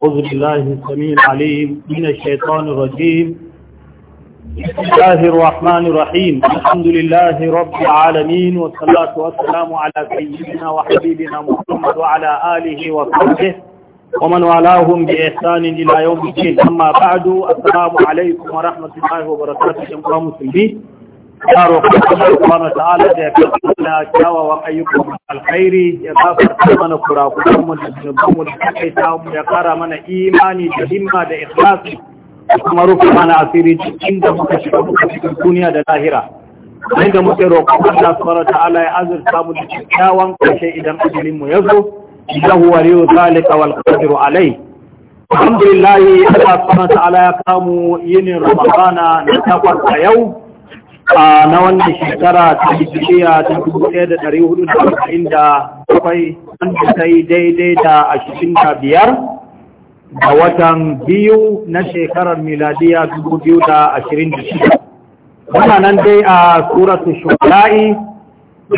أعوذ بالله السميع العليم من الشيطان الرجيم بسم الله الرحمن الرحيم الحمد لله رب العالمين والصلاة والسلام على سيدنا وحبيبنا محمد وعلى آله وصحبه ومن والاهم بإحسان إلى يوم الدين أما بعد السلام عليكم ورحمة الله وبركاته جميعا مسلمين ya roƙon Allah subhanahu ta'ala da ya kasance kyawawan ayyukan alkhairi ya gafarta mana kurakuran mu da zunuban mu da kai ta mu ya kara mana imani da himma da ikhlasi kuma rufe mana asiri cikin da muka shiga muka cikin duniya da lahira Sai inda muke roƙon Allah subhanahu ta'ala ya azurta mu da kyawawan kashe idan ajalin mu ya zo innahu waliyyu zalika wal qadiru alayhi alhamdulillah Allah subhanahu ta'ala ya kamu yinin ramadana na takwas yau a na wannan shekara ta hijiriya ta dubu ɗaya da ɗari hudu da arba'in da bakwai wanda ta yi daidai da ashirin da biyar da watan biyu na shekarar miladiya dubu biyu da ashirin da shida muna nan dai a suratu shukra'i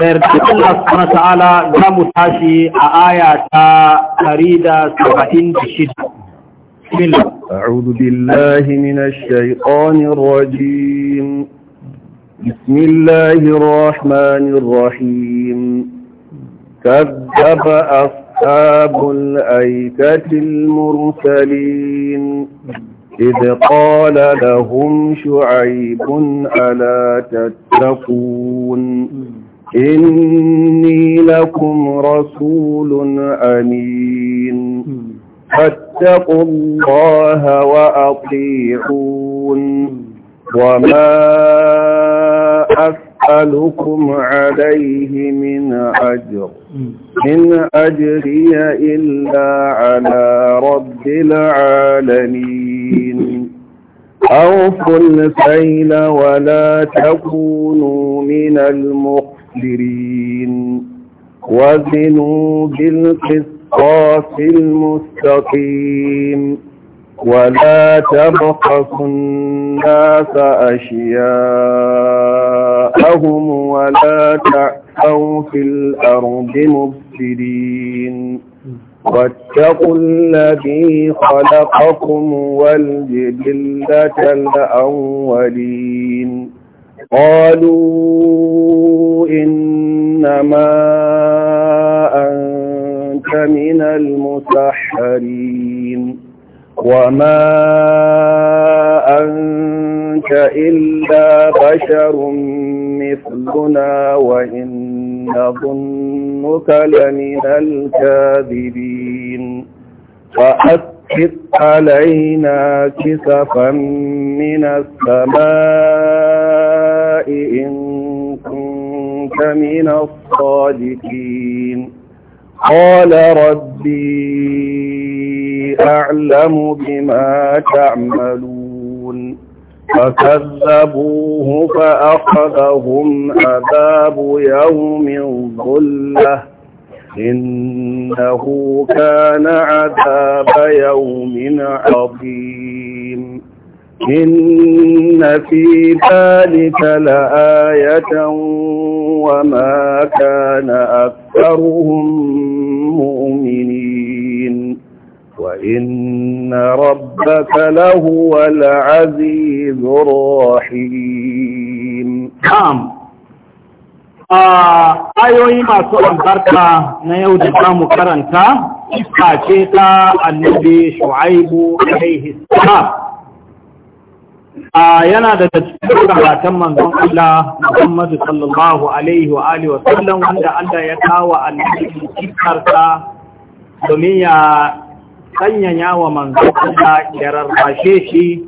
da yarda Allah na ta'ala za mu tashi a aya ta ɗari da saba'in da shida Bismillah. الله أعوذ بالله من الشيطان الرجيم بسم الله الرحمن الرحيم كذب أصحاب الأيكة المرسلين إذ قال لهم شعيب ألا تتقون إني لكم رسول أمين فاتقوا الله وأطيعون وما أسألكم عليه من أجر إن أجري إلا على رب العالمين أوفوا الفيل ولا تكونوا من المخسرين وزنوا بالقسطاس المستقيم ولا تبخسوا الناس أشياءهم ولا تعثوا في الأرض مفسدين واتقوا الذي خلقكم والجبلة الأولين قالوا إنما أنت من المسحرين وما أنت إلا بشر مثلنا وإن نظنك لمن الكاذبين فأسكت علينا كسفا من السماء إن كنت من الصادقين قال ربي أعلم بما تعملون فكذبوه فأخذهم عذاب يوم الظلة إنه كان عذاب يوم عظيم إن في ذلك لآية وما كان أكثرهم مؤمنين وإن ربك لهو العزيز الرحيم كام نعم. آه، ايو ايما سؤال باركا نيو دقام كرانتا اتاكيتا النبي شعيب عليه السلام ايانا آه، دا تشكرا تم من الله محمد صلى الله عليه وآله وسلم وانا انا يتاوى النبي شعيب عليه السلام sanyaya wa manzo Allah ya rarrashe shi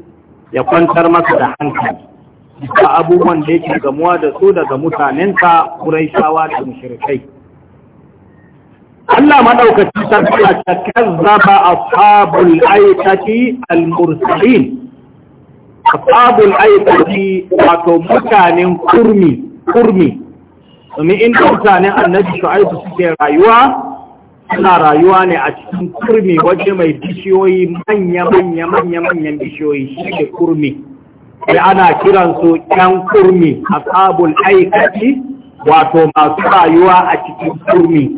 ya kwantar masa da hankali da abubuwan da yake gamuwa da su daga mutanensa Quraishawa da mushrikai Allah madaukaki sarki ta kazzaba ashabul aitati al-mursalin ashabul aikati wato mutanen kurmi kurmi domin in mutanen annabi shu'aibu suke rayuwa suna rayuwa ne a cikin kurmi waje mai bishiyoyi manya-manya-manya-manyan bishiyoyi shi ne kurmi sai ana kiransu ƙyan kurmi a sabon aikaci wato masu rayuwa a cikin kurmi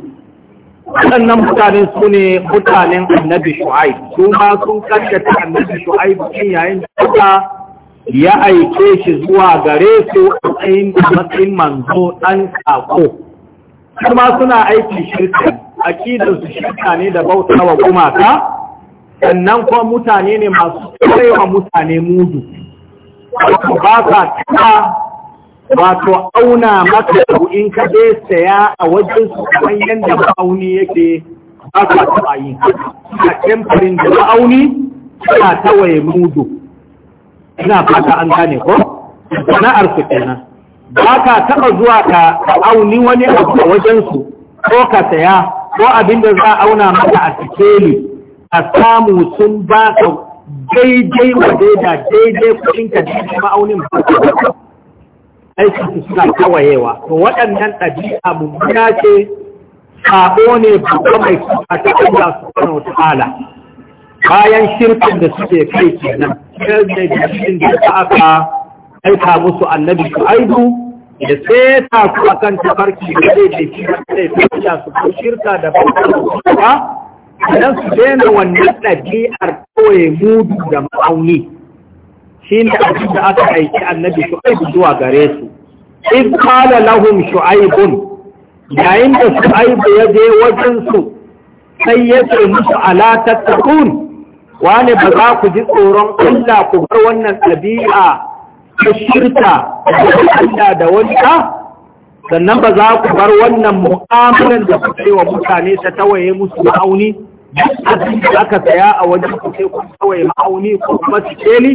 waɗannan mutane su ne mutanen annabi shu'ai su ma sun karyata annabi shu'ai cikin yayin da ya aike shi zuwa gare su a matsayin manzo ɗan sako kuma suna aiki shirka aƙidarsu shirka ne da bauta wa gumaka sannan kuma mutane ne masu tsarewa mutane mudu ba ka tuna wato auna maka abu in ka je saya a wajen su kamar yadda ma'auni yake ba ka taɓa yi a temperin da ma'auni suna tawaye mudu ina fata an gane ko na su kenan ba ka taɓa zuwa ka auni wani abu a wajen su ko ka saya ko abin da za a auna mata a sikeli a samu sun ba ka daidai wa daida daidai ka daidai ma'aunin ba aiki su suna kawayewa to waɗannan ɗabi'a mummuna ce sabo ne babba mai kuka ta Allah subhanahu wa ta'ala bayan shirkin da suke kai kenan sai da dalilin da aka aika musu annabi shu'aibu Da sai ta su a kan tafarki da zai da shi da su ko shirka da ba idan su daina wannan ɗabi'ar koye mudu da ma'auni shi ne abin da aka aiki annabi shu'aibu zuwa gare su in kala lahum shu'aibun yayin da shu'aibu ya je wajen su sai ya ce musu ala tattakun wani ba za ku ji tsoron Allah ku bar wannan ɗabi'a ta shirka Allah da wani sannan ba za ku bar wannan mu'amalar da ku wa mutane ta tawaye musu ma'auni duk cikin da aka saya a wajen ku sai ku tawaye ma'auni ko kuma su keli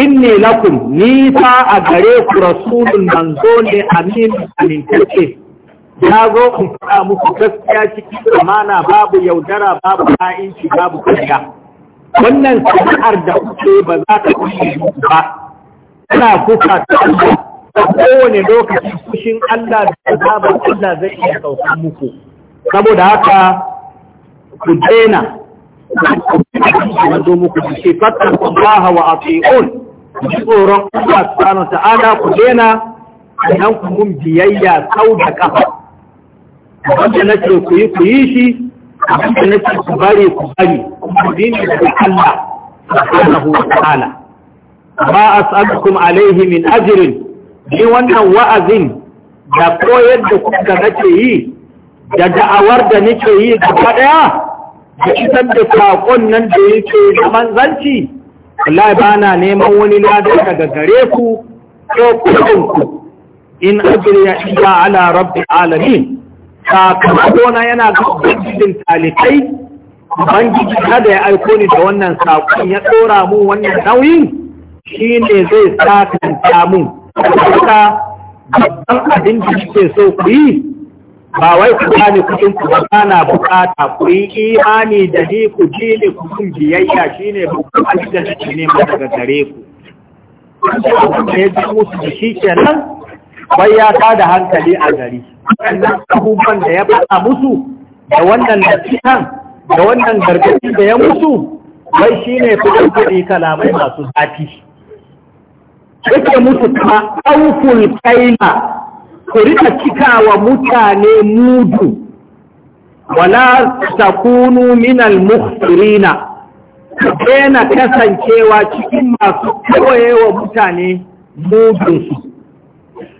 in ne lakun nisa a gare ku rasulun manzo ne amin amintacce ya zo in faɗa muku gaskiya cikin amana babu yaudara babu ha'inci babu kariya wannan sana'ar da kuke ba za ta kushe ba tana kuka ta Allah a kowane lokaci fushin Allah da azabar Allah zai iya sauka muku saboda haka ku daina ku zo muku da shi fatan Allah wa atiun ji tsoron Allah subhanahu ta'ala ku daina idan ku mun biyayya sau da kafa wanda nake ku yi ku yi shi wanda nake ku bari ku bari ku dini da Allah subhanahu wa ta'ala ba as'alukum alaihi min ajirin ni wannan wa'azin da koyar da kuka nake yi da da'awar da nake yi gaba daya da isar da saƙon nan da yake da manzanci Allah ba na neman wani lada daga gare ku ko ku in ajriya iya ala rabbi alamin sakamako na yana ga ubangijin talikai ubangiji kada ya aiko ni da wannan saƙon ya ɗora mu wannan nauyin shi ne zai sakin mun ta, babban abin da ke so ku yi ba wai ku gane kuɗin ku ba na bukata ku yi imani da ni ku ji ne ku kun biyayya shi ne bukatun da ne nema daga gare ku. ya ji musu da shi kenan bai ya ta da hankali a gari. Wannan abubuwan da ya faɗa musu da wannan nasihan da wannan gargaɗi da ya musu wai shi ne fi kalamai masu zafi. yake mutu kama ɗaukul kaina ku rika cikawa mutane mudu wala takunu minal muhsirina daina kasancewa cikin masu wa mutane mudunsu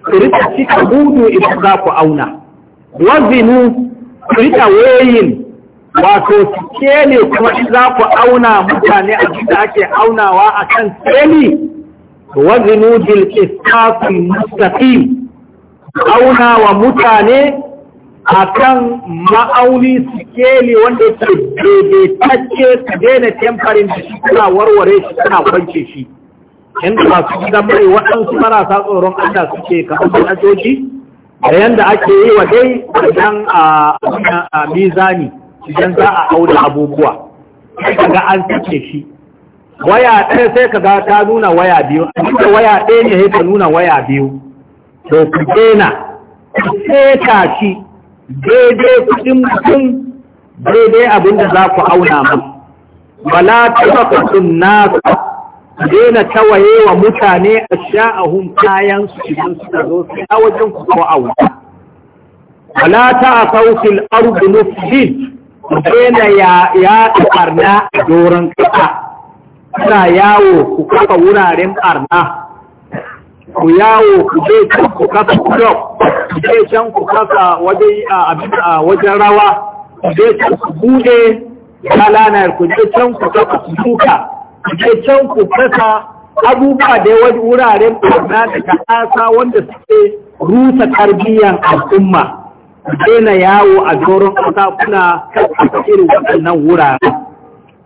ku rika cika mudu idan za ku auna wazinu ku rika weyin wato ne kuma za ku auna mutane a da ake aunawa a kan tseli wazinu bil qisqasil mustaqim auna wa mutane a kan ma'auni sikeli wanda ke daidaitacce su daina temfarin da shi kuna warware shi kuna kwance shi ba masu gidan mai waɗansu marasa tsoron Allah suke kamar ajoji da yanda ake yi wa dai idan a mizani idan za a aure abubuwa daga an suke shi waya ɗaya sai ka ga ta nuna waya biyu cikin waya ɗaya ne sai ta nuna waya biyu to ku dena ku seta shi daidai kuɗin mutum daidai da za ku auna mu wala tabaqatun nas dena tawaye wa mutane a hun kayan su su suka zo su a wajen ku ko auna wala ta'asau fil ardi mufsid dena ya ya a doron kasa kuna yawo ku kafa wuraren barna ku yawo ku je can ku kasa club ku je can ku kasa wajen rawa ku je can ku bude lalanar ku je can ku duka ku je can ku kasa abubuwa da wuraren ƙarna da asa wanda suke rusa tarbiyyar al'umma ku daina yawo a doron kasa kuna kafa irin waɗannan wuraren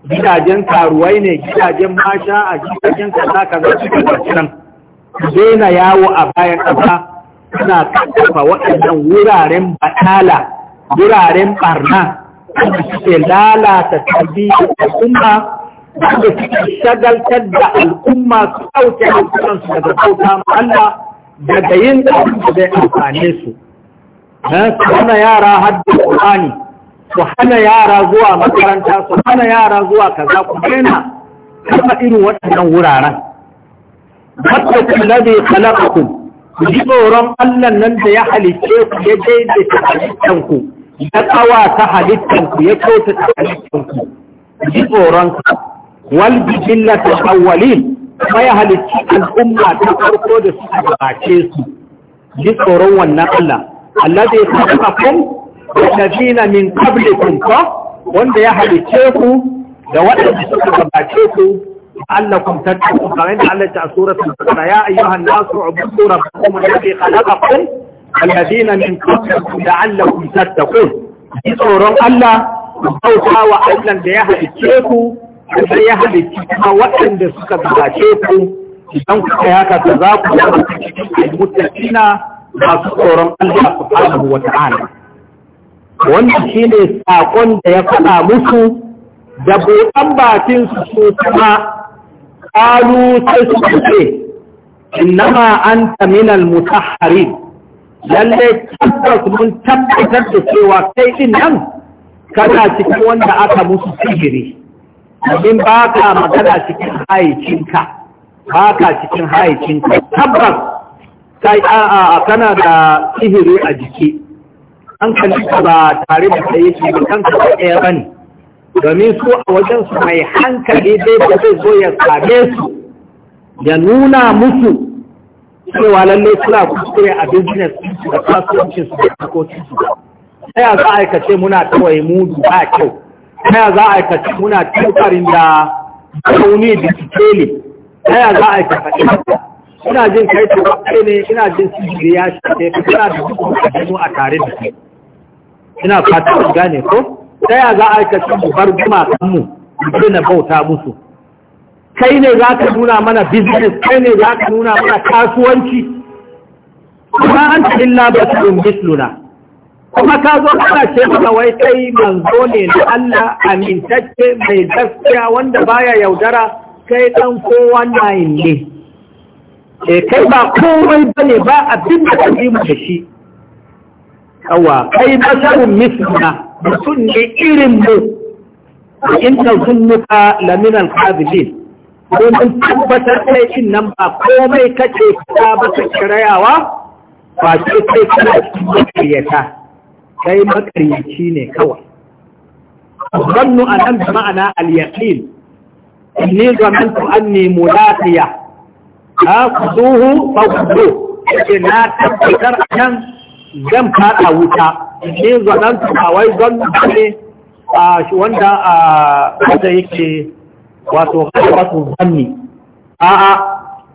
gidajen karuwai ne gidajen masha a gidajen kaza kaza suka gaciran daina yawo a bayan ƙasa suna kakkafa waɗannan wuraren batala wuraren barna wanda suke lalata tarbiyyar al'umma wanda suke shagaltar da al'umma su ɗauke su daga kauta Allah daga yin da zai amfane su. Na yara har da Ƙur'ani ku hana yara zuwa makaranta su hana yara zuwa kaza ku daina kama irin waɗannan wuraren wata kula da ya ku ji tsoron allan nan da ya halice ku ya daidaita halittanku ya tsawa ta halittanku ya kyautata halittanku ku ji tsoron ka wal bijilla ta awwalin kuma ya halicci al'umma ta farko da suka gabace su ji tsoron wannan allah Allah zai sa kuma wallazina min qablikum fa wanda ya halice ku da waɗanda suka gabace ku Allah la'allakum tattaqun kamar da Allah ta suratul baqara ya ayyuhan nasu ubudu rabbakum alladhi khalaqakum alladhina min qablikum la'allakum tattaqun ji tsoron Allah ku bauta wa Allah da ya halice ku da ya halice kuma waɗanda suka gabace ku idan kuka yaka ta za ku zama cikin mutacina masu tsoron Allah subhanahu wa ta'ala wanda shi ne saƙon da ya faɗa musu da buɗan batinsu su kuma ƙalu ta su inna innama an taminal mutahari lalle tabbas mun tabbatar da cewa kai ɗin nan kana cikin wanda aka musu sihiri domin ba ka magana cikin hayicinka ba ka cikin hayicinka tabbas kana da sihiri a jiki hankali ba tare da sai yake ba kan kasa ɗaya ba ne domin su a wajen su mai hankali dai ba zai zo ya same su ya nuna musu cewa lalle suna kuskure a business su da kasuwancin su da harkokin su ta ya za a aikace muna kawai mudu ba kyau ta ya za a aikace muna tukarin da kauni da sikeli ta ya za a aikace ina jin kai to ne ina jin sijiri ya shi ne kana da duk a tare da kai ina fata ku gane ko ta ya za a yi kashin mu bar kanmu mu na bauta musu kai ne za ka nuna mana business kai ne za ka nuna mana kasuwanci kuma an ta illa ba su yin kuma ka zo kana ce maka wai kai manzo ne na Allah amintacce mai gaskiya wanda baya yaudara kai dan kowa yin ne e kai ba komai bane ba abin da ka mu da shi yawa kai basarun mislina mutum ne irin mu in ta zunnuka laminan kabilin domin tabbatar kai in nan ba komai kace ta ba ta kirayawa ba ce kai kana cikin makaryata kai makaryaci ne kawai zannu a nan da ma'ana al-yaqin inni zamantu anni mulaqiya ha kuduhu fa ce na tabbatar nan zan fada wuta ne zanen tukawai don ne a shi wanda a wata yake wato wato zanni a a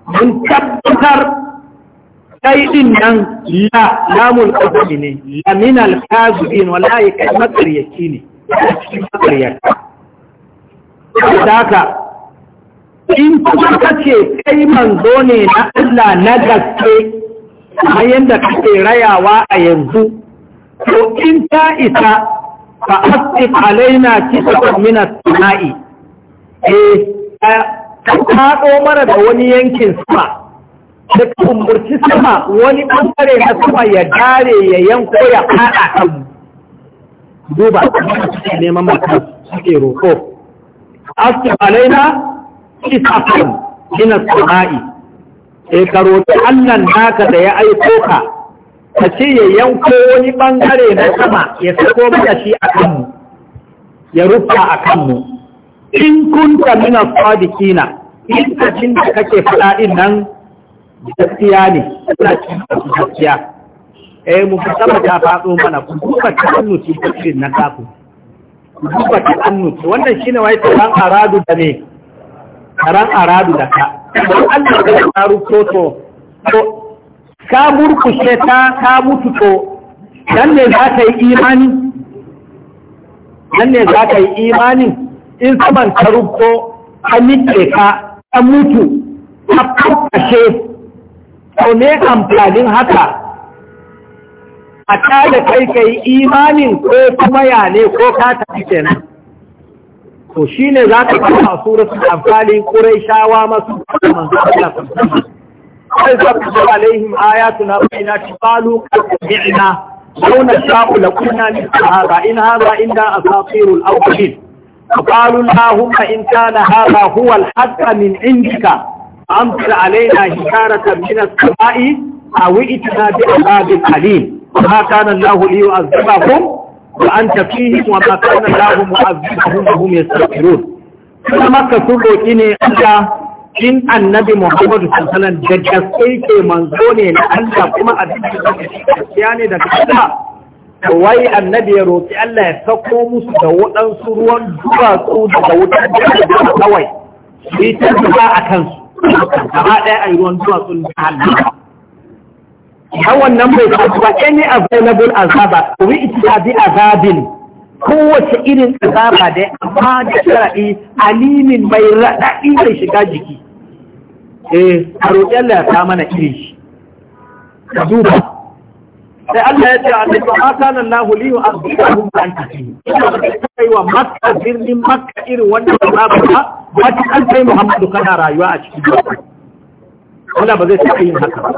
mun tabbatar kai din nan la namun qadami ne la min al kazibin wallahi kai yake ne cikin makaryaci da haka in kuma kace kai manzo ne na Allah na gaske a yadda kake rayawa a yanzu Ko in ta isa fa asif alaina kisa min as-sama'i eh ka kaɗo mana da wani yankin sama da kumburci sama wani ɓangare na sama ya dare ya yanko ya faɗa kan duba suke neman mata suke roƙo asif alaina kisa min as-sama'i e ka roƙi allan naka da ya aiko ka ka ce ya yanko wani ɓangare na sama ya sako mana shi a kanmu ya rufa a kanmu in kunta mina sadikina in cin da kake faɗaɗin nan gaskiya ne ina su gaskiya eh mu fi sama ta faɗo mana ku duba ta annuci ta cikin na kafu ku duba ta annuci wannan shine wai ta ran aradu da ne karan aradu da ka don Allah ga karu toto to ka burkushe ta ka mutu to dan ne za ka yi imani dan ne za ka yi imani in saman ka rubto ka nike ka ka mutu ka kakashe to ne amfanin haka a da kai ka yi imanin ko kuma ya ko ka tafi kenan ko shi ne za ka kama suratun amfani kurai shawa masu kusurman zafi sai zafi da alaihim aya suna baina ci falu kasu bi'ina launa shafu da kuna ne a haka in haza inda a safirul aukashin a falun lahunka in ta na haza huwal haka min indika amsar alaina hikara ta mina sama'i a wi'i tana bi a zafin alim ma kanan lahu liyu azabakun wa anta fihim wa ma kana Allahu mu'azzibahum kuma maka sun roki ne Allah in annabi Muhammadu sallallahu da gaske ke manzo ne na Allah kuma a cikin gaskiya ne daga Allah wai annabi ya roki Allah ya sako musu da waɗansu ruwan duwatsu daga wuta da kawai su yi ta a kansu gaba ɗaya a yi ruwan duwatsun da Allah dan wannan bai ba ba any available azaba we ita bi azabin kowace irin azaba da amma da sharadi alimin mai radadi mai shiga jiki eh a roƙi Allah ya sa mana irin shi ka duba sai Allah ya ce a cikin asanan lahu li a an tafi ina kai wa makka birnin makka irin wanda ba ba ba ta kai Muhammadu kana rayuwa a cikin wannan ba zai taɓa yin haka ba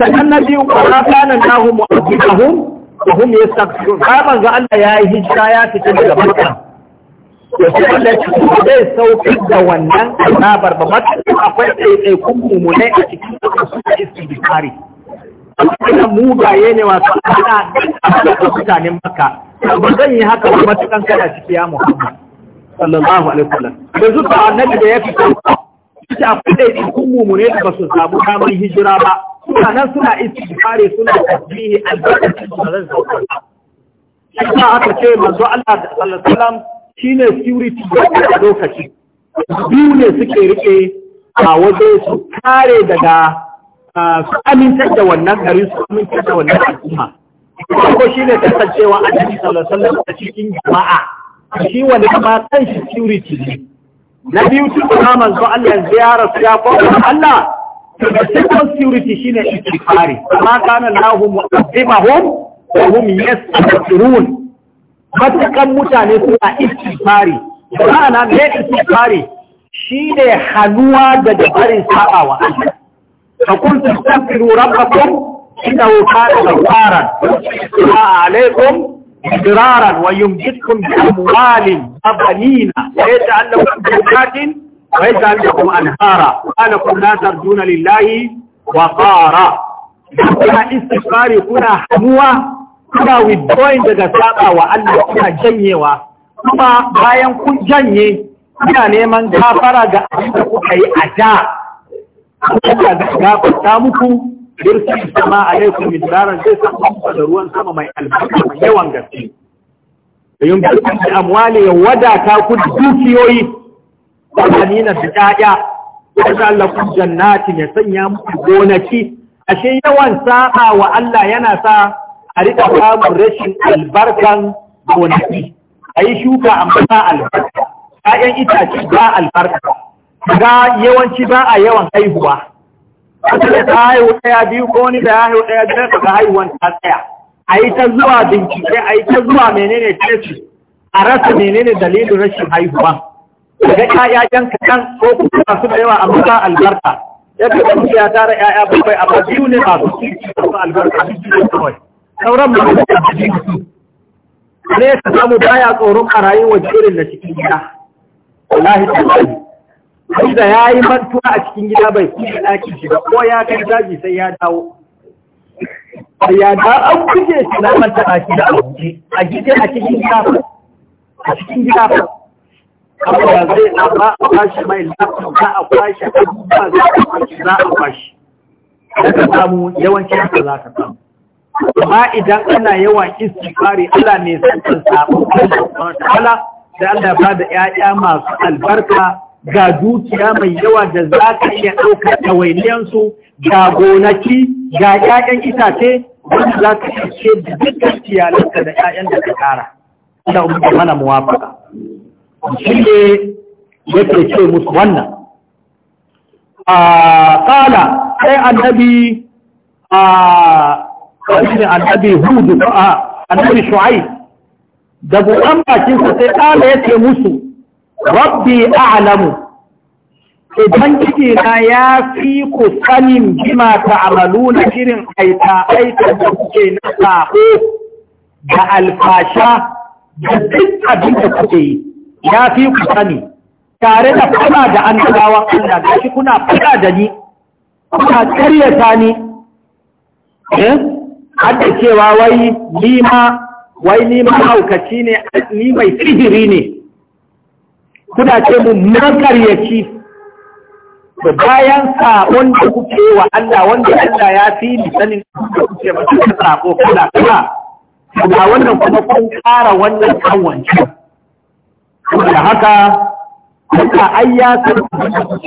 sannan na biyu kuma kana nahu mu'azzibahum wa hum yastaghfirun ka manzo Allah ya yi hijira ya fita daga Makka to sai Allah ya zai saukar da wannan azabar ba Makka akwai mu ne a cikin suka kuma mu mugaye yene wa ana da mutanen maka ba zan yi haka ba matukan kada ciki ya muhammad sallallahu alaihi wasallam da zuwa annabi da ya fito shi akwai dai kun mumune ba su samu damar hijira ba suna nan suna istighfari suna tasbihi albarkacin da zan sauka shi ta aka ce manzo Allah sallallahu alaihi wasallam shine security da lokaci biyu ne suke rike a waje su kare daga su aminta da wannan gari su aminta da wannan al'umma ko shine kasancewa annabi sallallahu alaihi wasallam a cikin jama'a shi wani ma kan shi security ne na biyu tun da manzo Allah ziyara su ya fara Allah to the second security shine istighfari amma kana Allahu mu'azzibahum wa hum yastaghfirun matakan mutane suna istighfari ma'ana me istighfari shine hanuwa daga barin sa'awa Allah fa qul tastaghfiru rabbakum إنه كان غفارا عليكم إدرارا ويمددكم بأموال وبنين ويجعل لكم جنات da لكم أنهارا ولكم لا ترجون لله وقارا kuna istifari kuna hamuwa kuna withdrawing daga saba wa Allah kuna janyewa kuma bayan kun janye kuna neman gafara ga abin da kuka yi a da kuka gafarta muku birkin sama alaikum midraran zai san kuma da ruwan sama mai albarka mai yawan gaske da yin birkin amwali ya wadata ku dukiyoyi banina da ƴaƴa ya lakum jannati ya sanya muku gonaki ashe yawan sa'a wa Allah yana sa a rika samun rashin albarkan gonaki ayi shuka amma ba albarka ƴaƴan itace ba albarka ga yawanci ba a yawan haihuwa wata ta haihu ɗaya biyu ko wani da ya haihu ɗaya biyar daga haihuwan ta tsaya a yi ta zuwa bincike a yi ta zuwa menene tesi a rasa menene dalilin rashin haihuwa daga ƴaƴan kaɗan ko kuma su da yawa a ba albarka ya fi da ya tara ƴaƴa bakwai amma biyu ne masu su albarka biyu kawai sauran ba su da su ne ka samu baya tsoron karayi wa jirin da cikin gida wallahi tallahi sai da yayi mantuwa a cikin gida bai kuma ɗakin shi ba ko ya kai daji sai ya dawo a yada an kuje shi na manta a shi da a a cikin gida a cikin gida abuwa zai amma a kwashe mai lafi za a kwashe abubuwa za a kwashe za a kwashe daga samu yawanci haka za ka samu amma idan ana yawan istighfari ala ne santan sabon Allah da Allah ba da 'ya'ya masu albarka ga dukiya mai yawa da za ka iya ɗaukar ɗawainiyansu ga gonaki ga 'ya'yan itace wanda za ka iya ce da dukkan iyalanka da 'ya'yan da ka tara. Allah umma mana muwafaka. shi ne yake ce musu wannan a kala sai annabi a wani annabi hudu a annabi shu'ai da buɗan bakinsa sai kala yake musu rabbi a'lamu Idan na ya fi ku sanin amalu na irin aita aita da kuke na sako da alfasha da duk abin da kuke yi ya fi ku sani tare da fada da annabawan Allah shi kuna fada da ni kuna karyata ni eh hadda cewa wai nima wai ni haukaci ne ni mai sihiri ne kuna ce mun karyaci da bayan sa'on da kuke wa Allah wanda Allah ya fi ni sanin da kuke ba kuka sako kuna kula ga wannan kuma kun kara wannan kan saboda haka kuka ai da san da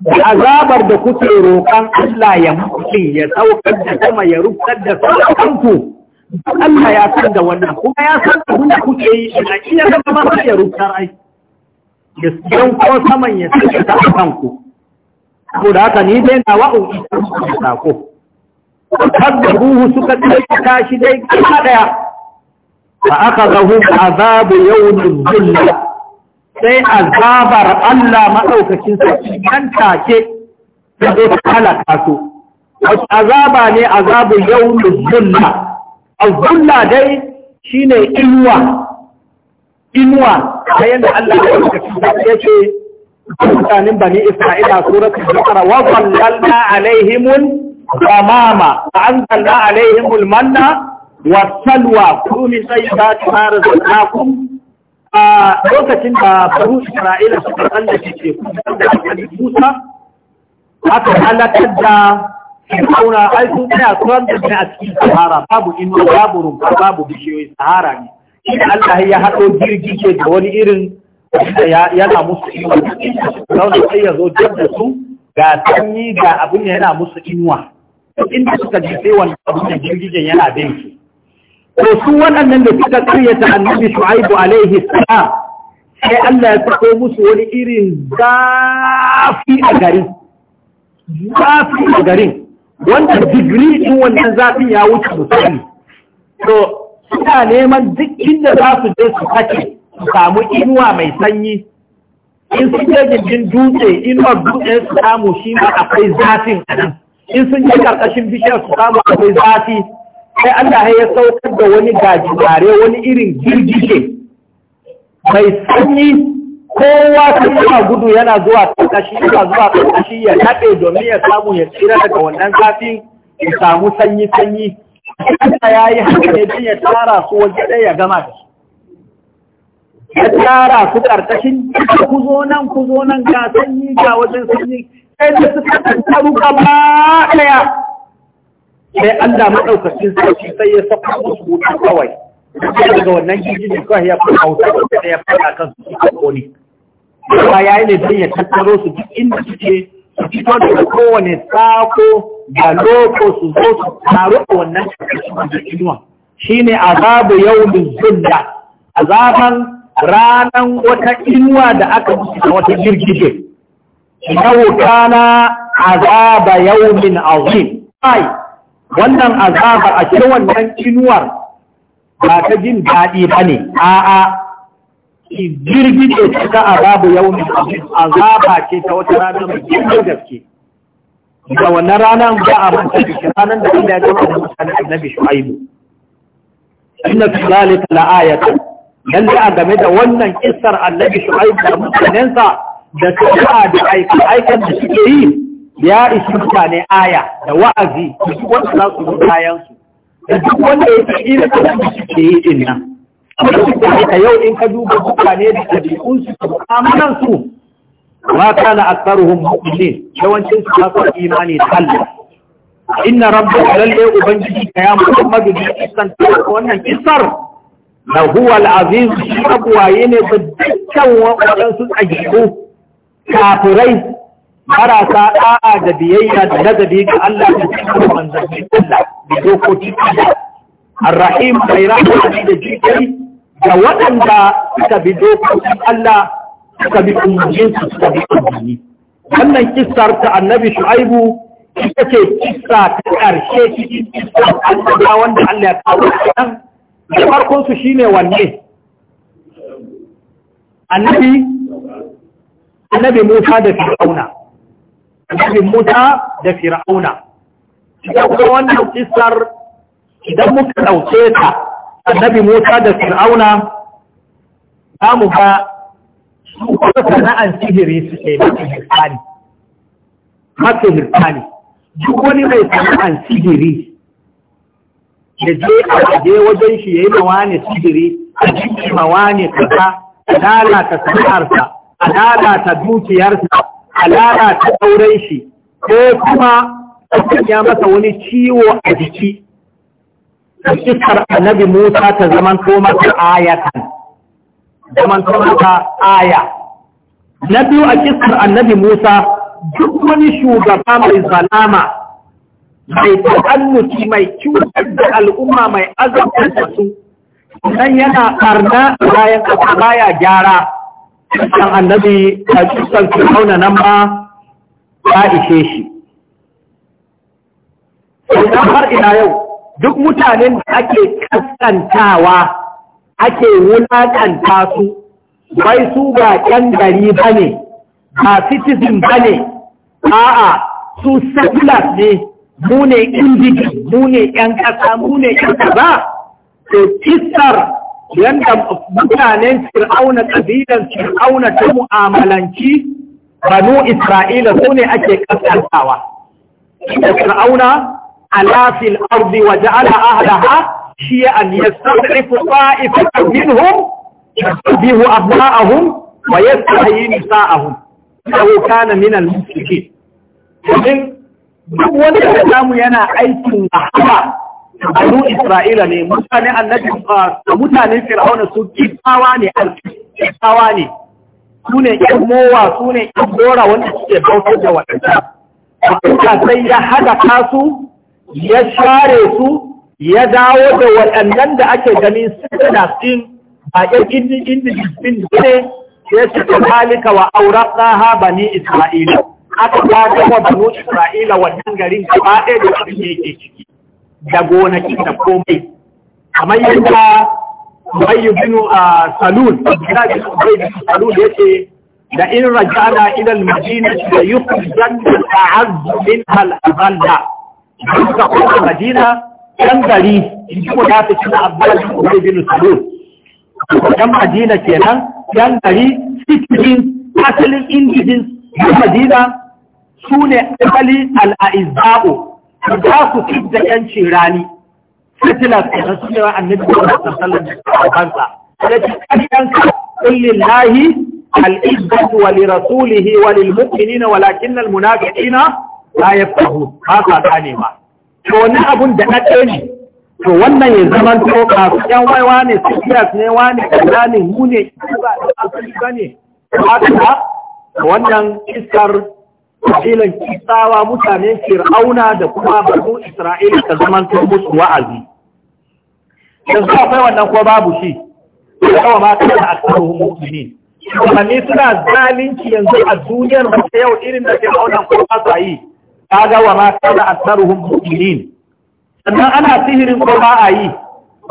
da azabar da kuke roƙon Allah ya mutu ya saukar da sama ya rufar da sauranku Allah ya san da wannan kuma ya san da abin kuke yi a iya zama ma ya rufar ai ya san ko saman ya da ta Ku da haka ni dai na wa'u isa sako ruhu suka kai ta shi dai gaba daya fa akhadhahum azabu yawmid dhulla sai azabar Allah madaukakin sarki kan take ta ta halaka su azaba ne azabu yawmid dhulla al-dhulla dai shine inuwa inuwa ta yanda Allah madaukakin yace, yake mutanen bani Isra'ila suratu Baqara wa zallalna alaihimul ghamama fa anzalna alaihimul manna wasalwa kuni sai ba tsara fara zanakun a lokacin da baru isra'ila suka ke teku da hankali musa aka halakar da fir'auna ai ne a tsoron da ne a cikin sahara babu inuwa babu rumfa babu bishiyoyi sahara ne da allah ya haɗo jirgi ke da wani irin yana musu inuwa zaune sai ya zo jar da su ga sanyi ga abin yana musu inuwa inda suka ji sai wani abin da jirgin yana bin su ko su waɗannan da suka karyata annabi shu'aibu alaihi salam sai Allah ya sako musu wani irin zafi a gari zafi a garin wanda digiri din wannan zafin ya wuce misali to suna neman duk inda za su je su kace su samu inuwa mai sanyi in sun je gindin dutse inuwar dutse su samu shi ma akwai zafin a nan in sun je karkashin bishiyar su samu akwai zafi sai Allah ya saukar da wani gajimare wani irin girgije mai sanyi kowa ta yana gudu yana zuwa karkashi yana zuwa karkashi ya naɗe domin ya samu ya tsira daga wannan zafin ya samu sanyi sanyi Allah ya yi haka don ya tara su waje ɗaya ya gama da shi, ya tara su karkashin ku zo nan ku zo nan ga sanyi ga wajen sanyi sai da suka tattaru gaba ɗaya sai Allah maɗaukacin sauki sai ya saka musu wuta kawai daga wannan gijin kawai ya fara hausa da ya fara kan su suka koli kuma ya yi ne don ya tattaro su duk inda suke su fito da kowane sako da loko su zo su taru a wannan cikin da inuwa shine azabu yawmin zulla azaban ranan wata inuwa da aka musu da wata girgije Yau kana azaba yawmin azim wannan azaba a cikin wannan inuwar ba ta jin daɗi ba ne a'a jirgi ce ta ta azabu yau ne azaba ce ta wata rana mai jirgin gaske da wannan ranar ba a manta cikin ranar da Allah ya zama da mutane annabi shu'aibu inna fi zalika la'ayatan lalle a game da wannan kissar annabi shu'aibu da mutanensa da su'a da aikin da suke yi ya isi mutane aya da wa'azi da duk wanda za su yi bayan da duk wanda ya fi irin da su ke yi din nan haka yau in ka duba mutane da ɗabi'un su da mu'amalan su ma kana aktsaruhum mu'minin yawancin su ba su imani da Allah inna rabbaka lalle ubangiji ka ya muhammadu bi isan ta wannan kisar na huwa al-aziz shi abuwaye ne da dukkan waɗansu tsagiku kafirai marasa ɗa'a da biyayya da nazari ga Allah da cikin manzannin Allah da dokoki Allah Ar-Rahim mai rahama da jikai da waɗanda suka bi dokokin Allah suka bi umarnin su suka bi umarni wannan kissar ta Annabi Shu'aibu ita ce kissa ta ƙarshe cikin kissar Allah wanda Allah ya kawo nan da farkon su shine wanne annabi annabi Musa da Fir'auna annabi Musa da Fir'auna idan kuma wannan kisar idan muka dauke ta annabi Musa da Fir'auna za mu ga su kuma sana'an sihiri su ke mafi hirtani mafi hirtani duk wani mai sana'an sihiri da je a waje wajen shi ya yi mawa ne sihiri a jiki mawa ne kasa a lalata sana'arsa a lalata dukiyarsa alaƙa ta auren shi ko kuma ya masa wani ciwo a jiki iskar annabi Musa ta zaman koma ta ayatan zaman aya na biyu a iskar annabi Musa duk wani shugaba mai zalama mai ta'annuki mai cutar da al'umma mai azabtar da su nan yana karna bayan kasa baya gyara kan annabi a cikin fir'auna nan ma ta ishe shi idan har ina yau duk mutanen da ake kaskantawa ake wulaƙanta su bai su ba 'yan gari bane, ne ba citizen ba ne a'a su settlers ne mune ne indiki mu ne ƴan ƙasa mu ne ƴan ƙasa to kisar yanda mutanen fir'auna ƙabilan fir'auna ta mu'amalanci banu isra'ila su ne ake ƙasƙantawa da fir'auna ala fil ardi wa ja'ala ahlaha shi'an yasrifu qa'ifatan minhum yasbihu abna'ahum wa yastahi nisa'ahum aw kana min al-muslimin duk wanda ya samu yana aikin wahala banu Isra'ila ne mutane annabi da mutane Fir'auna su kifawa ne alkifawa ne su ne ƴan mowa su ne ƴan gora wanda suke bautar da waɗanda Allah sai ya haɗa su ya share su ya dawo da waɗannan da ake ganin suna sin a ƴan indin indin ne ya ce ta halika wa aurata ha bani Isra'ila aka ba da wa banu Isra'ila wannan garin gaba ɗaya da suke ke ciki da gonaki da komai kamar yadda Ubayy a ah, Salul Abdullahi Ubayy bin da in rajana ila al-Madina da yukhrijan al min al-azalla da kuma Madina dan gari in kuma da ta cikin Abdullahi Ubayy dan Madina kenan dan gari cikin asalin na Madina sune ne asali al-a'izza'u da za su fi da yanci rani fitilas da rasu yawa annabi da wasu sallan da kansa da ci ƙaryanka kullin lahi al'izzatu wa lirasulihi wa lilmu'minina walakin almunafiqina la yafqahu haka gane ba. to wani abun da na ne to wannan ya zama to kasu yan waiwa ne siyas ne wani kaza ne mu ne ba da asali bane haka wannan iskar Isra’ilan kisawa mutane fir'auna da kuma banu isra'ila ta zaman tun musu wa'azi yanzu akwai wannan ko babu shi yawa ma kana da akaruhum mu'minin kamanni suna zalunci yanzu a duniyar ta yau irin da fir'auna ko ba sa yi kaga wa ma kana akaruhum mu'minin sannan ana sihirin ko ba a yi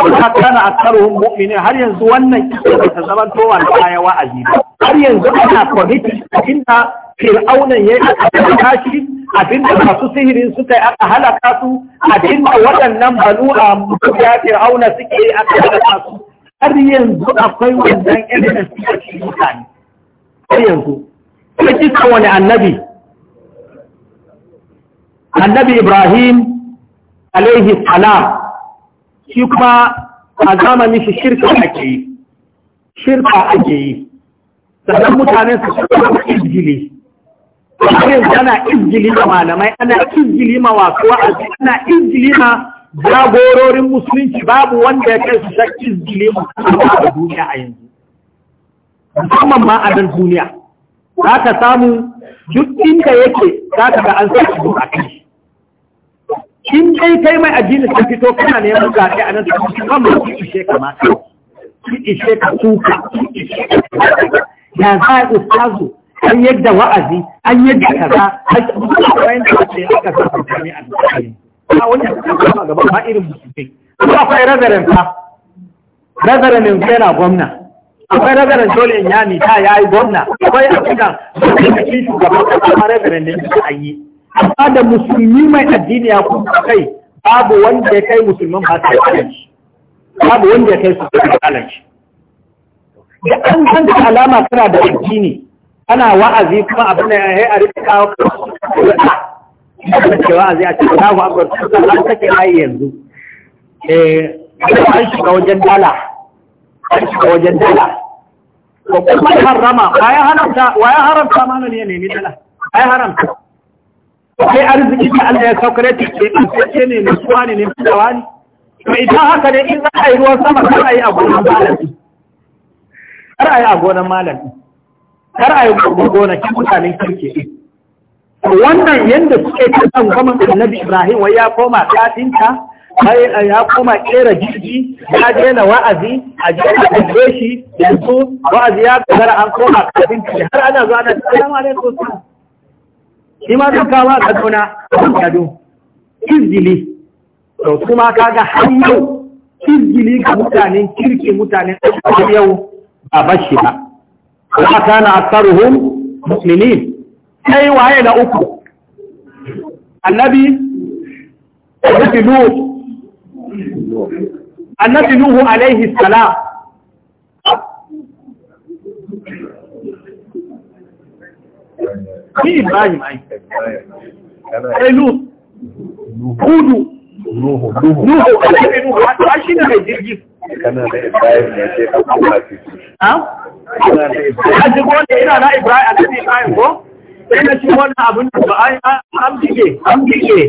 wata kana akaruhum ne har yanzu wannan kisa ta zaman to wani wa'azi har yanzu ana kwamiti a inda fir'aunan ya yi aka halaka shi abinda masu sihirin suka yi aka halaka su abinda waɗannan banu a ya fir'auna suke yi aka halaka su har yanzu akwai wannan irin suka ci mutane har yanzu kuma kisa wani annabi annabi ibrahim alaihi salam shi kuma a zamanin shi shirka ake yi shirka ake yi sannan mutanen su shirka da injili abin ana injili ma malamai ana injili ma wasu wa'azi ana injili ma jagororin musulunci babu wanda ya kai su shakki injili ma a duniya a yanzu musamman ma a nan duniya za ka samu duk inda yake za ka ga an sa shi a kai in dai kai mai addini sun fito kana neman zaɓe a nan sun kama su ishe kamata su ishe ka suka su ishe ka ya za a ustazu an yadda wa'azi an yadda kaza bayan da ce aka sa mutane a duniya a wani kama gaba ba irin musulmai Kuma akwai razarin fa razarin yana gwamna akwai razarin dole in yami ta ya yi gwamna akwai abuda musulmi shugaban kasa ma razarin ne a yi amma da musulmi mai addini ya kuma kai babu wanda ya kai musulman ba su kalanci babu wanda ya kai su kalanci da an san alama tana da addini ana wa'azi kuma abin da ya a rika kawo kuma ke wa'azi a cikin kawo abuwar sun an sake layi yanzu eh, an shiga wajen dala an shiga wajen dala ko kuma ya haramta wa ya haramta mana ne ya nemi dala a ya haramta sai arziki da Allah ya saukare ta ke kasance ne mai suwa ne ne fitawa ne to idan haka ne in za a yi ruwan sama kar a yi a gonan malami kar a yi a gonan malami kar a yi gonakin mutanen kirki wannan yadda suke kan zaman annabi ibrahim wai ya koma kafinta ya koma kera jirgi ya daina wa'azi a jirgin kalle shi yanzu wa'azi ya gara an koma kafin kalle har ana zuwa na salamu alaikum salam shi ma zan kawo ka zauna kan gado izgili to kuma kaga har yau izgili ga mutanen kirki mutanen yau ba bashi ba wa kana aktharuhum muslimin sai waye na uku annabi annabi nuhu annabi nuhu alaihi salam ni ibrahim ai sai nuhu hudu nuhu nuhu annabi nuhu jirgin kana na ibrahim ne sai ka kuma fi a shigo da ina na ibrahim a cikin ibrahim ko sai na ci wannan abin da ba an bige an bige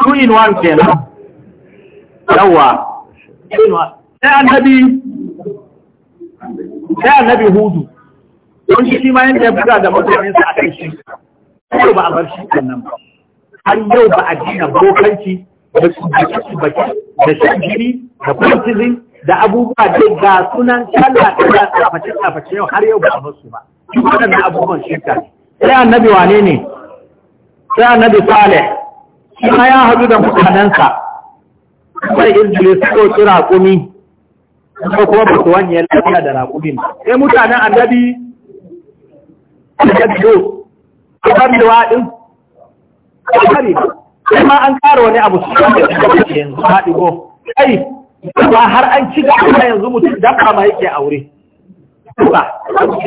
two in one kenan yawa sai annabi sai annabi hudu don shi ma yanda ya buga da mutanen sa a kai shi ba a bar shi nan ba har yau ba a dina bokanci da kubace da da kwantili da abubuwa da ga sunan kala kala tsaface tsaface yau har yau ba a basu ba duk da abubuwan shirka sai annabi wane ne sai annabi sale shi ma ya haɗu da mutanensa kuma injili ko kira raƙumi. kuma kuma ba su wani lafiya da raƙumin sai mutanen annabi annabi yau kamar da waɗin kamar kuma an kara wani abu su da suka yanzu go ai ba har an ci gaba yanzu mutum ba ma yake aure ba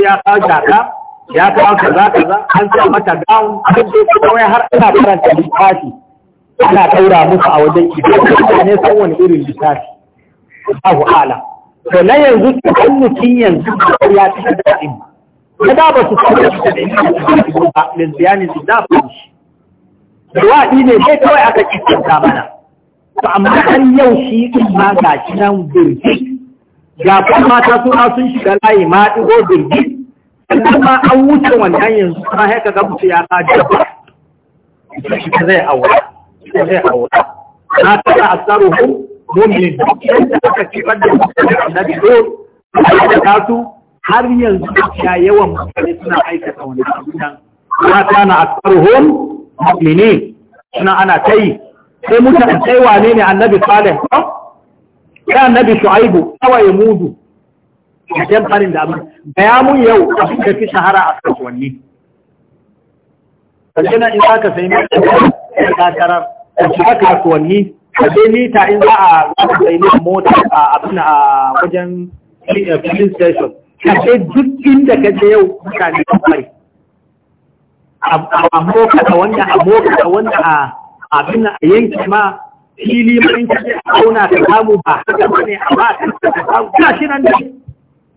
ya kawo jaka ya kawo kaza kaza an sa mata gawun an kuma har ana karanta littafi ana taura musu a wajen idan ne san wani irin littafi Allahu ala to na yanzu tannukin yanzu ya ci da daɗin ba da ba su kawo da ɗin ba lesbiyanin da ba shi Ruwaɗi ne sai kawai aka kisanta mana. To amma har yau shi ɗin ma ga shi nan birgi. Ga mata suna sun shiga layi ma ɗigo birgi. Sannan ma an wuce wannan yanzu kuma sai ka ga ya ka Shi ka zai aura. Shi zai aura. Na tara asaruhu mumin yadda aka kifar da na ko da kasu har yanzu ya yawan mutane suna aikata wani abu nan. na kana asaruhum mu'mini suna ana kai sai mutane sai wane ne annabi salih sai annabi shu'aibu kawai mudu idan farin da abin gaya mun yau a da fi shahara a kasuwanni kaje na in aka sai ne ka karar a kasuwanni ni ta in za a sai ne mota a abin a wajen filin eh, station kaje duk inda kaje yau mutane sun fari a moka da wannan a moka da wannan a abin a yanki ma fili mai kaje a auna ta samu ba haka ne a ba ka samu ga shi nan dai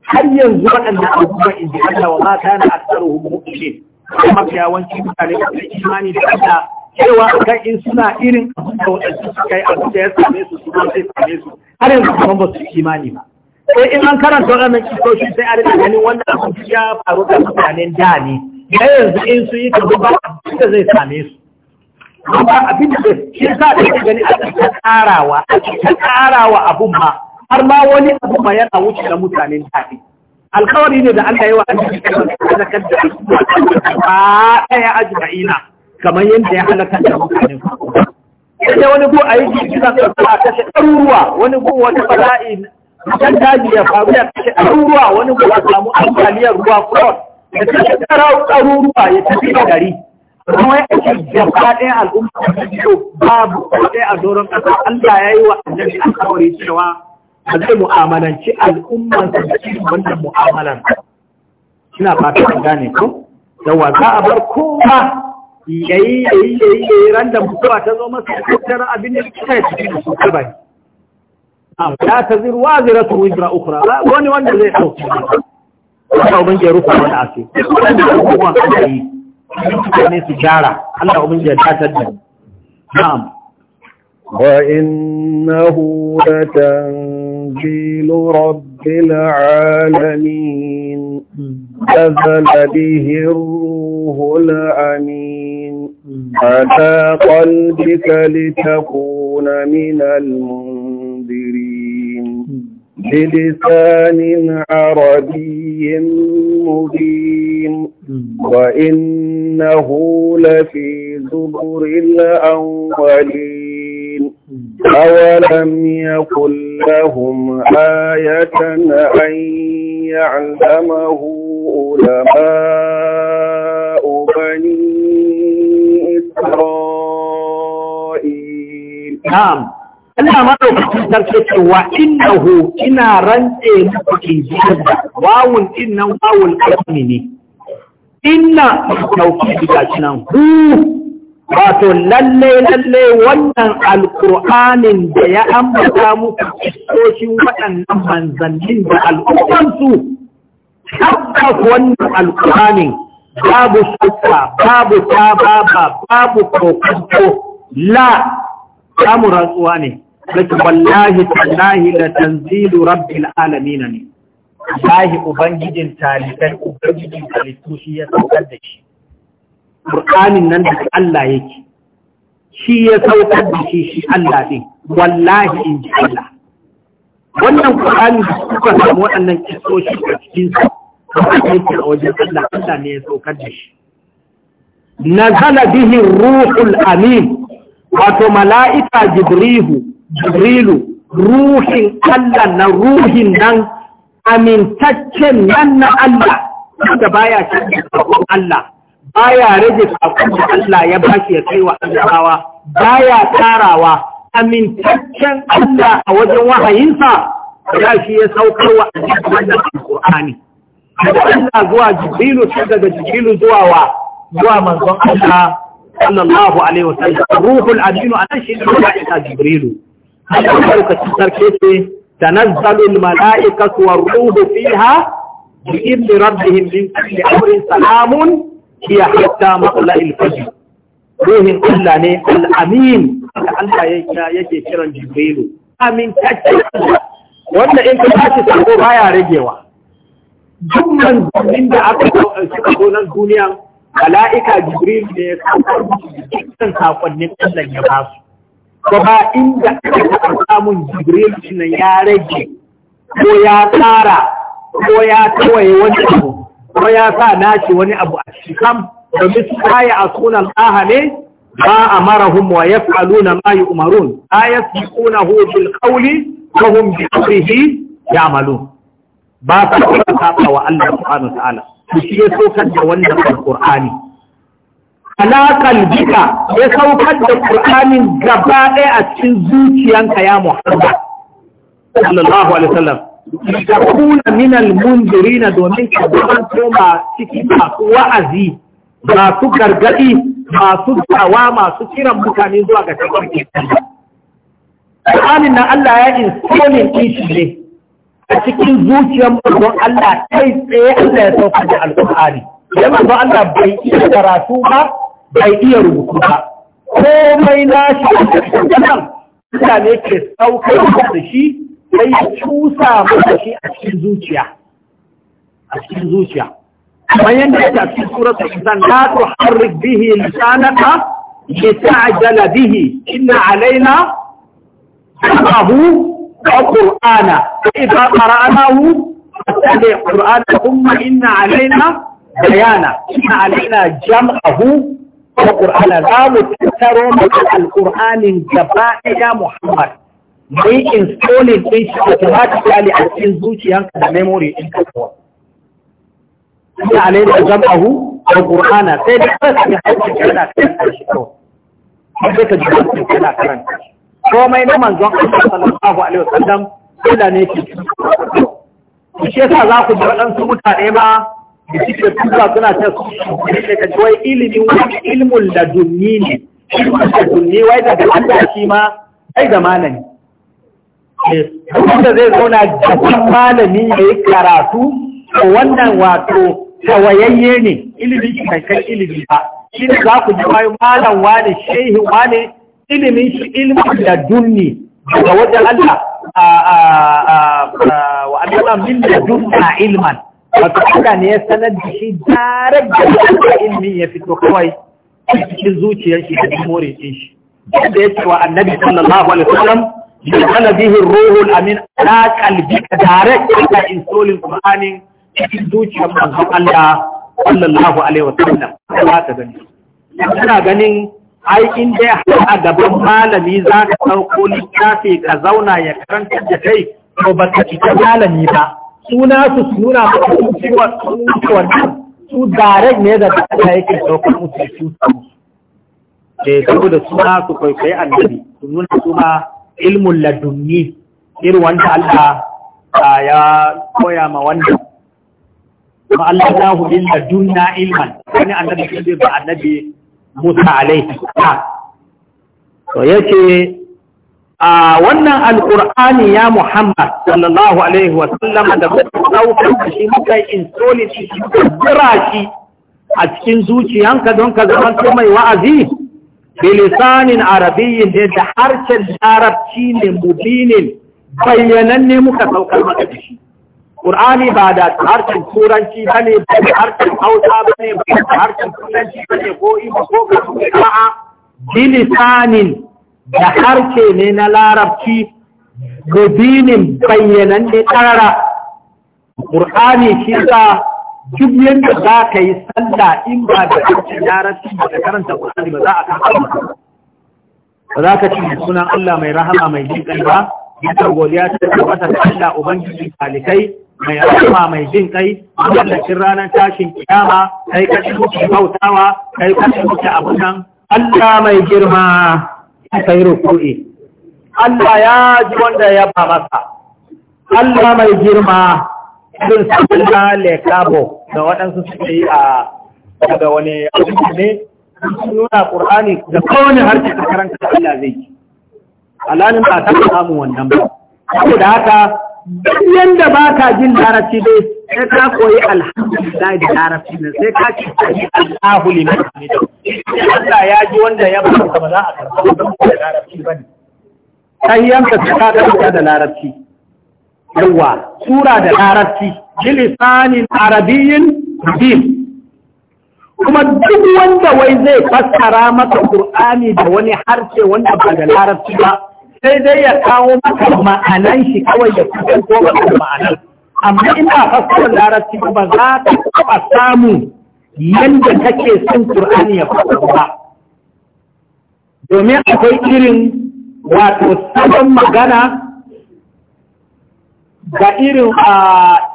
har yanzu waɗannan abubuwan in ji Allah wa ma kana aktaruhum mu'minin kuma yawanci mutane da imani da Allah cewa akan in suna irin abubuwa da waɗansu suka yi abin da ya same su su sai same su har yanzu kuma ba su imani ba sai in an karanta waɗannan kisoshi sai a rika ganin wannan abin ya faru da mutanen da ne da yanzu in su yi kaza ba abin da zai same su amma abin da shi sa da ke gani a ta karawa aka ta karawa abun ma har ma wani abu ma yana wuce da mutanen tafi alkawari ne da Allah ya wa annabi halakar da ba daya ajma'ina kamar yadda ya halakar da mutanen sai wani ko a yi girgizar kasa a kashe ɗaruruwa wani ko wata bala'i kan daji ya faru ya kashe ɗaruruwa wani ko a samu ambaliyar ruwa fraud da ta tsara tsaruruwa ya tafi da gari kuma ya ake gaba ɗaya al'umma da biyu babu ɗaya a doron ƙasa Allah ya yi wa annabi alƙawari cewa ba zai mu'amalanci al'umman da cikin wannan mu'amalan ina fata an gane ko yawa za a bar kowa yayi yayi yayi yayi randa mutuwa ta zo masa tattara abin da ya tafi da su kawai a ta zirwa ziratu wizra ukhra wani wanda zai dauke Allah ubangi ya rufa mana asiri wanda abubuwan kada yi mutane su gyara Allah ubangi ya datar da na'am wa innahu latanzilu rabbil alamin nazala bihi ruhul amin hmm. ala qalbika litakuna minal بلسان عربي مبين وإنه لفي زبر الأولين أولم يقل لهم آية أن يعلمه علماء بني إسرائيل نعم Allah maɗaukakin sarki ce wa innahu ina rantse muku in da wawun din nan wawul kalmi ne inna dauki daga cinan hu wato lalle lalle wannan alqur'anin da ya ambata muku kistoshin waɗannan manzannin da al'ummansu tabbas wannan alqur'anin babu shakka babu tababa babu kokonto la samu rantsuwa ne Zaki wallahi tallahi da tanzilu rabbil alamina ne, Wallahi Ubangijin talibai, Ubangijin talittu shi ya saukar da shi. Ƙur'anin nan da Allah yake, shi ya saukar da shi shi Allah ɗin, wallahi in ji Allah. Wannan Ƙur'ani da suka samu waɗannan kisoshi a cikinsa, da yake a wajen Allah, Allah ne ya saukar da shi. Nazala bihin ruhul amin, wato mala'ika Jibrihu, jibrilu ruhin Allah na ruhin nan amintaccen nan na Allah da baya canza sakon Allah baya rage sakon da Allah ya bashi ya kai wa annabawa baya tarawa amintaccen Allah a wajen wahayinsa ya shi ya saukar wa wannan alqur'ani daga Allah zuwa jibrilu sai daga jibrilu zuwa wa zuwa manzon Allah sallallahu alaihi wasallam ruhul aminu anan shi ne jibrilu Allah lokacin sarki ce da al-mala'ikatu war-ruhu fiha da rabbihim min kulli amrin salamun hiya hatta matla'il fajr ruhin Allah ne al-amin da Allah yake kiran Jibrilu amin tacce wanda in ka tashi sako baya ragewa duk manzannin da aka suka zo nan duniya mala'ika Jibril ne ya kawo dukkan sakonnin Allah ya ba ba inda aka samun jibril shine ya rage ko ya tsara ko ya tawaye wani abu ko ya sa nace wani abu a cikin domin su kaya a sunan laha ne ba a marahun wa yaf'aluna ma yu'marun mayu umarun a ya su kuna hujjil bi kurihi ya ba sa ta wa Allah subhanahu wa ta'ala shi so da wannan alqur'ani alaƙal jika ya saukar da ƙur'anin gaba ɗaya a cikin zuciyanka ya muhammad sallallahu alaihi wasallam da kuna minal mundirina domin ka zaman koma ciki masu wa'azi masu gargaɗi masu dawa masu kiran mutane zuwa ga tafarki ƙur'anin na Allah ya insolin ishi ne a cikin zuciyar mutum Allah kai tsaye Allah ya saukar da alƙur'ani. Yamma ba Allah bai iya karatu ba, bai iya rubutu ba, komai nashi a cikin zuwan mutane ke sauka da shi sai cusa masa shi a cikin zuciya. A cikin zuciya. Kamar yadda yake a cikin sura ta isan na su harrik bihi lisanaka ke ta'ajala bihi inna alaina sabahu da qur'ana fa idza qara'nahu fattabi' qur'ana thumma inna alaina bayana inna alaina jam'ahu da ƙur'ana za mu tattaro maka alƙur'anin gaba ɗaya Muhammad mu yi installing ɗin shi automatically a cikin zuciyanka da memory ɗin ka kawai. Ina alai da jam'ahu da ƙur'ana sai da kasa yi hankali kana kan shi kawai. Sai ka ji hankali kana karanta shi. Komai na manzon Allah sallallahu alaihi wasallam Allah ne ke cikin. Shi yasa za ku ji waɗansu mutane ba da suke tuka suna ta ne da ji ilimin wani da dunni ne da dunni wai daga Allah shi ma ai da malami wanda zai zauna gaban malami ya yi karatu wannan wato tawayayye ne ilimin cikakken ilimi ba shi ne za ku ji wai malam wani shehi wani ilimin shi ilmin dunni, daga wajen Allah wa Allah min dunna ilman wato Allah ne ya sanar da shi darar da ilmin ya fito kawai cikin zuciyar shi da more din shi da ya ce annabi sallallahu alaihi wasallam yusala bihi ruhul amin ala qalbika direct ala insulin qur'anin cikin zuciyar manzon Allah sallallahu alaihi wasallam Allah ta gani kana ganin ai in dai a gaban malami za ka ɗauko littafi ka zauna ya karanta da kai ko ba ka ci malami ba suna su suna mutu su daren ne da ta yake ɗaukar mutu su da eh, zaro da suna su kwaikwayi annabi su nuna suna ilmun ladunni irin wanda Allah ya koya ma wanda ma Allah na hudin ladunna ilman wani annabi shi ba annabi Musa alaihi ta to a wannan alkur'ani ya muhammad sallallahu alaihi wa wasallam da muka ɗaukar da shi muka yi insoli shi jira shi a cikin zuciyanka don ka zama to mai wa'azi bilisanin arabiyyin ne da harshen larabci ne mubinin ne muka saukar maka da shi ƙur'ani ba da harshen turanci ba ne ba da harshen hausa ba ne ba da harshen turanci ba ne ko ibo ko ga a'a bilisanin da harshe ne na larabci gudinin bayyanan ne tsara ƙur'ani shi ka duk yadda za ka yi sallah in ba da harshen larabci ba da karanta ƙur'ani ba za a kan ba za ka ci sunan Allah mai rahama mai jin kai ba yadda godiya ta wata da Allah ubangiji talikai mai rahama mai jin kai mallacin ranar tashin kiyama kai ka ci bautawa kai ka ci abunan Allah mai girma aka yi ruku'i Allah ya ji wanda ya ba masa Allah mai girma sun na lekabo da waɗansu suke yi a daga wani abubuwa ne sun nuna ƙur'ani da kowane harshe a karanta Allah zai ji alanin ba ta samu wannan ba saboda haka duk yanda ba ka jin larabci dai sai ka koyi alhamdulillah da larabci ne sai ka ci yi Allahu liman Allah ya ji wanda ya ba ba za a karɓa da larabci bane tahiyyanta ta karɓi da larabci Yawwa, sura da larabci jilisanin arabiyin mubin kuma duk wanda wai zai fassara maka Kur'ani da wani harshe wanda ba da larabci ba sai dai ya kawo maka ma'anan shi kawai ya kusan ko maka ma'anan amma in ba larabci ba za ka taɓa samu yadda kake son Qur'ani ya ba domin akwai irin wato sabon magana ga irin a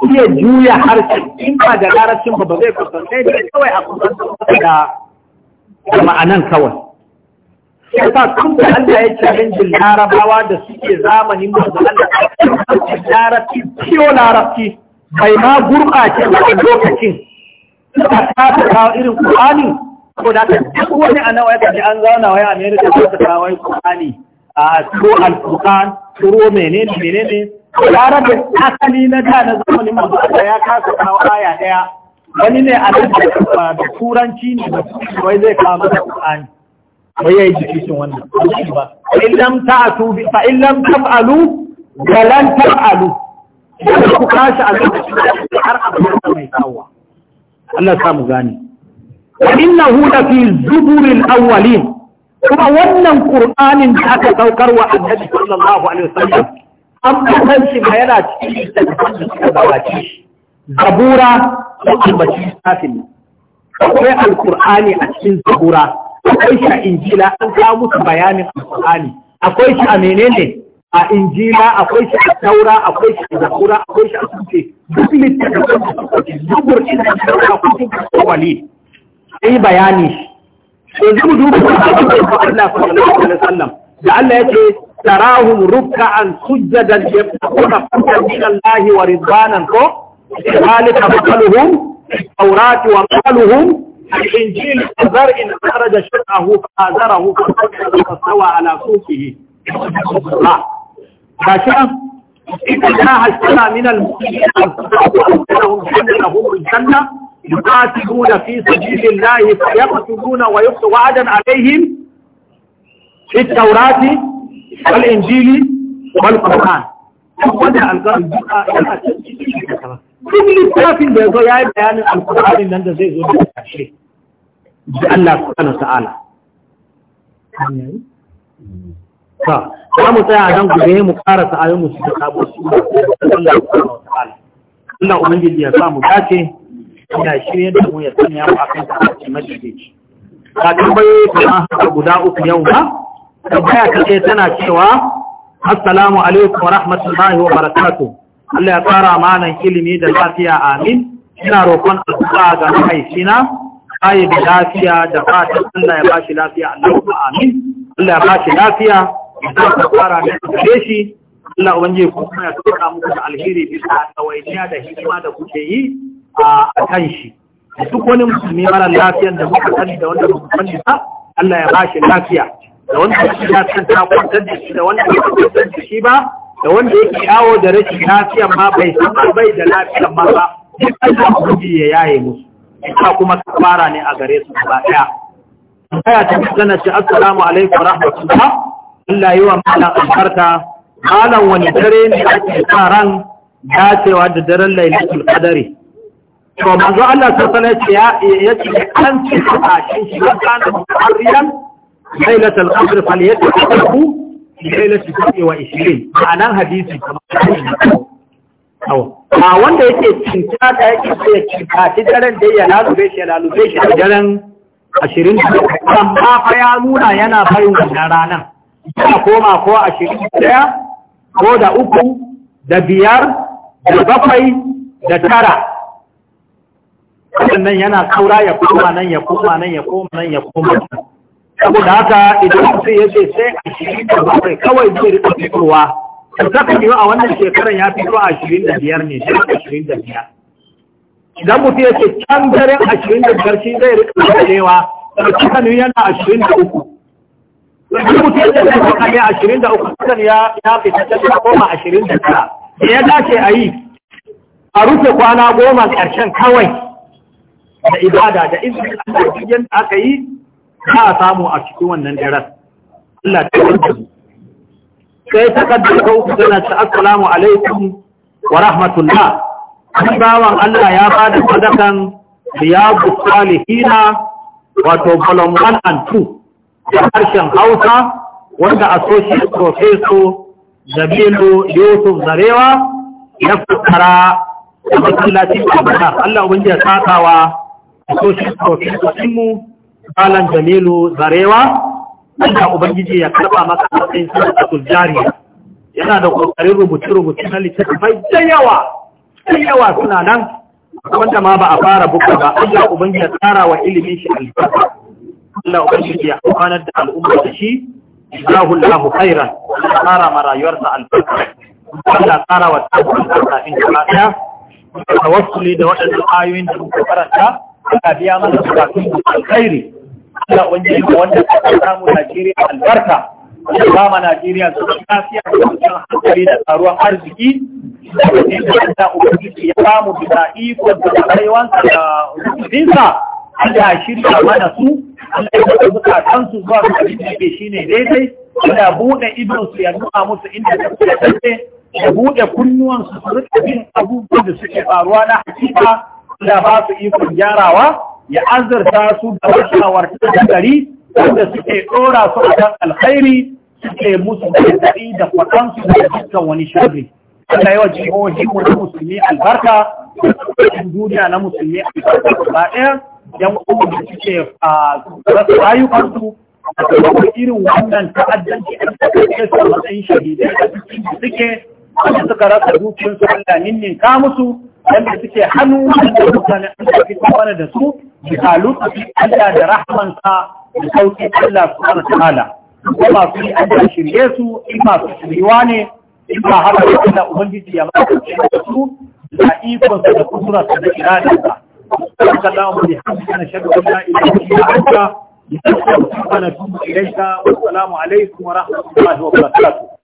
iya juya harshe in ba da larabcin ba ba zai sai da kawai a kusanta da ma'anan kawai ya sa tun da Allah ya challenge larabawa da suke zamanin manzo Allah larabci ciwo larabci bai ma gurɓace a lokacin suka tafi kawo irin Qur'ani ko da ka duk wani a nawa ya ji an zauna wai America ko ta kawo Qur'ani a turo al-Qur'an turo menene menene larabci asali na da na zamanin mu Allah ya kasa kawo aya daya wani ne a nan da turanci ne da wai zai kawo Qur'ani wai yayi jikin wannan ba fa in lam ta'tu bi fa in lam taf'alu wa lan taf'alu ku kashi a lokacin har da mai tsawa Allah sa mu gane Inna innahu la fi zuburil awwalin kuma wannan qur'anin da aka saukar wa annabi sallallahu alaihi wasallam an kan shi ma yana cikin littafin da suka gabace shi zabura da albashi tafin akwai alqur'ani a cikin zabura akwai shi a injila an kawo musu bayanin alƙur'ani akwai shi a menene a injila akwai shi a taura akwai shi a zakura akwai shi a sunce duk littattafan da suka ce zubur inda taura kutub kawali sai bayani shi yanzu mu duba Allah sallallahu alaihi wasallam da Allah yake tarahum ruk'an sujjadan yaquluna min Allah wa ridwanan ko ذلك مثلهم wa ومثلهم الإنجيل ان أخرج شرعه فآزره فاستوى على سوقه الله فشأن إن الله اجتمع من المسلمين لهم الجنة يقاتلون في سبيل الله فيقتلون ويقتل وعدا عليهم في التوراة والإنجيل والقرآن وده القرآن كل لسافين بيضو يا بيان القرآن لن ده زي زي da Allah subhanahu ta'ala ta za mu tsaya a nan gobe mu ƙara sa'ayin mu da sabo su da Allah subhanahu ta'ala Allah ubangiji ya sa mu dace ina shirye da mu ya sanya mu akan ta a madadici ka tambaye ta haka guda uku yau ba tambaya ta ce tana cewa assalamu alaikum wa rahmatullahi wa barakatuh Allah ya ƙara malan ilimi da lafiya amin ina roƙon addu'a ga mahaifina tayi da lafiya da fata Allah ya bashi lafiya Allah amin Allah ya bashi lafiya da ta fara da gare shi Allah ubangiji ku kuma ya tsara muku da alheri bisa tsawainiya da hikima da kuke yi a kan shi duk wani musulmi mara lafiya da muka sani da wanda muka sani ta Allah ya bashi lafiya da wanda ya san ta kwantar da shi da wanda ya kwantar da shi ba da wanda yake yawo da rashin lafiya ma bai san bai da lafiyar ma ba duk Allah ubangiji ya yaye musu ita kuma fara ne a gare su gaba daya kaya ta magana ce assalamu alaikum rahmatullah Allah yi wa malam albarka malam wani dare ne ake sa dacewa da daren lailatul qadari to manzo Allah sallallahu alaihi wasallam ya ce an ci ta shi kana muharriyan lailatul qadr falyataqu lailatul qadr wa 20 ma'anan hadisi kamar ba wanda yake cinta da yake sai cinta shi daren da ya lalube shi ya lalube shi da daren ashirin da amma fa ya nuna yana barin wannan ranar Ya koma ko ashirin daya ko da uku da biyar da bakwai da tara sannan yana kaura ya koma nan ya koma nan ya koma nan ya koma saboda haka idan mutum ya sai ashirin da bakwai kawai zai rika fitowa to saka a wannan shekarar ya fito a ashirin da biyar ne shi ashirin da biyar idan mutu ya ce can daren ashirin da biyar shi zai rika karewa sakanin yana ashirin da uku idan mutu ya ce sakanin ashirin da uku sakanin ya fita ta koma ashirin da tara da ya dace a yi a rufe kwana goma ƙarshen kawai da ibada da izinin Allah yadda aka yi za a samu a cikin wannan daren Allah ta yi kai takaddar kauku tana ta assalamu alaikum wa rahmatullah kan bawan Allah ya bada da sadakan riyadu salihina wato volume 1 and 2 da harshen Hausa wanda associate professor Jabilu Yusuf Zarewa ya fitara da masallaci a Allah ubangiji ya sakawa associate professor mu Malam Jamilu Zarewa Allah Ubangiji ya karba maka matsayin sadaqatul jariya yana da kokarin rubuce-rubuce na littattafai da yawa da yawa suna nan wanda ma ba a fara buka ba Allah Ubangiji ya tsara wa ilimin shi alfarka. Allah Ubangiji ya amfanar da al'umma da shi Allahu Allahu khairan tsara ma rayuwarsa alfarka. Allah tsara wa tsabu albarka in gaba ta tawassuli da waɗannan ayoyin da muka karanta Allah biya masa bukatun alkhairi Allah wanda ya wanda ka samu Najeriya albarka ya kama Najeriya su lafiya da cikin hankali da karuwan arziki da ne da ubangiji ya samu bisa iko da kaiwansa da rukuninsa Allah ya shirya mana su Allah ya da bukatan su zuwa ga abin da yake shine daidai da buɗe idon su ya nuna musu inda ta kuka tafe buɗe kunnuwan su su rika bin abubuwan da suke faruwa na hakika da ba su ikon gyarawa ya azurta su da washawar ta gari wanda suke ɗora su a kan alkhairi suke musu da daɗi da kwaɗansu da dukkan wani sharri. Allah yawa jihohi mu na musulmi albarka, duniya na musulmi albarka gaba ɗaya, yan kuma da suke a rasa rayukansu irin wannan ta'addanci a cikin matsayin shahidai da suke wanda suka rasa dukiyarsu Allah ninnin ka musu wanda suke hannu wanda mutane an tafi kwana da su bi halutu Allah da rahmansa da sauki Allah subhanahu wa ta'ala ko masu yi Allah shirye su in masu shiriwa ne in ba haka da Allah ubangiji ya maka da su da ikon sa da kudura sa da iradarsa سبحانك اللهم وبحمدك نشهد ان لا اله الا انت نستغفرك ونتوب اليك والسلام عليكم ورحمه الله وبركاته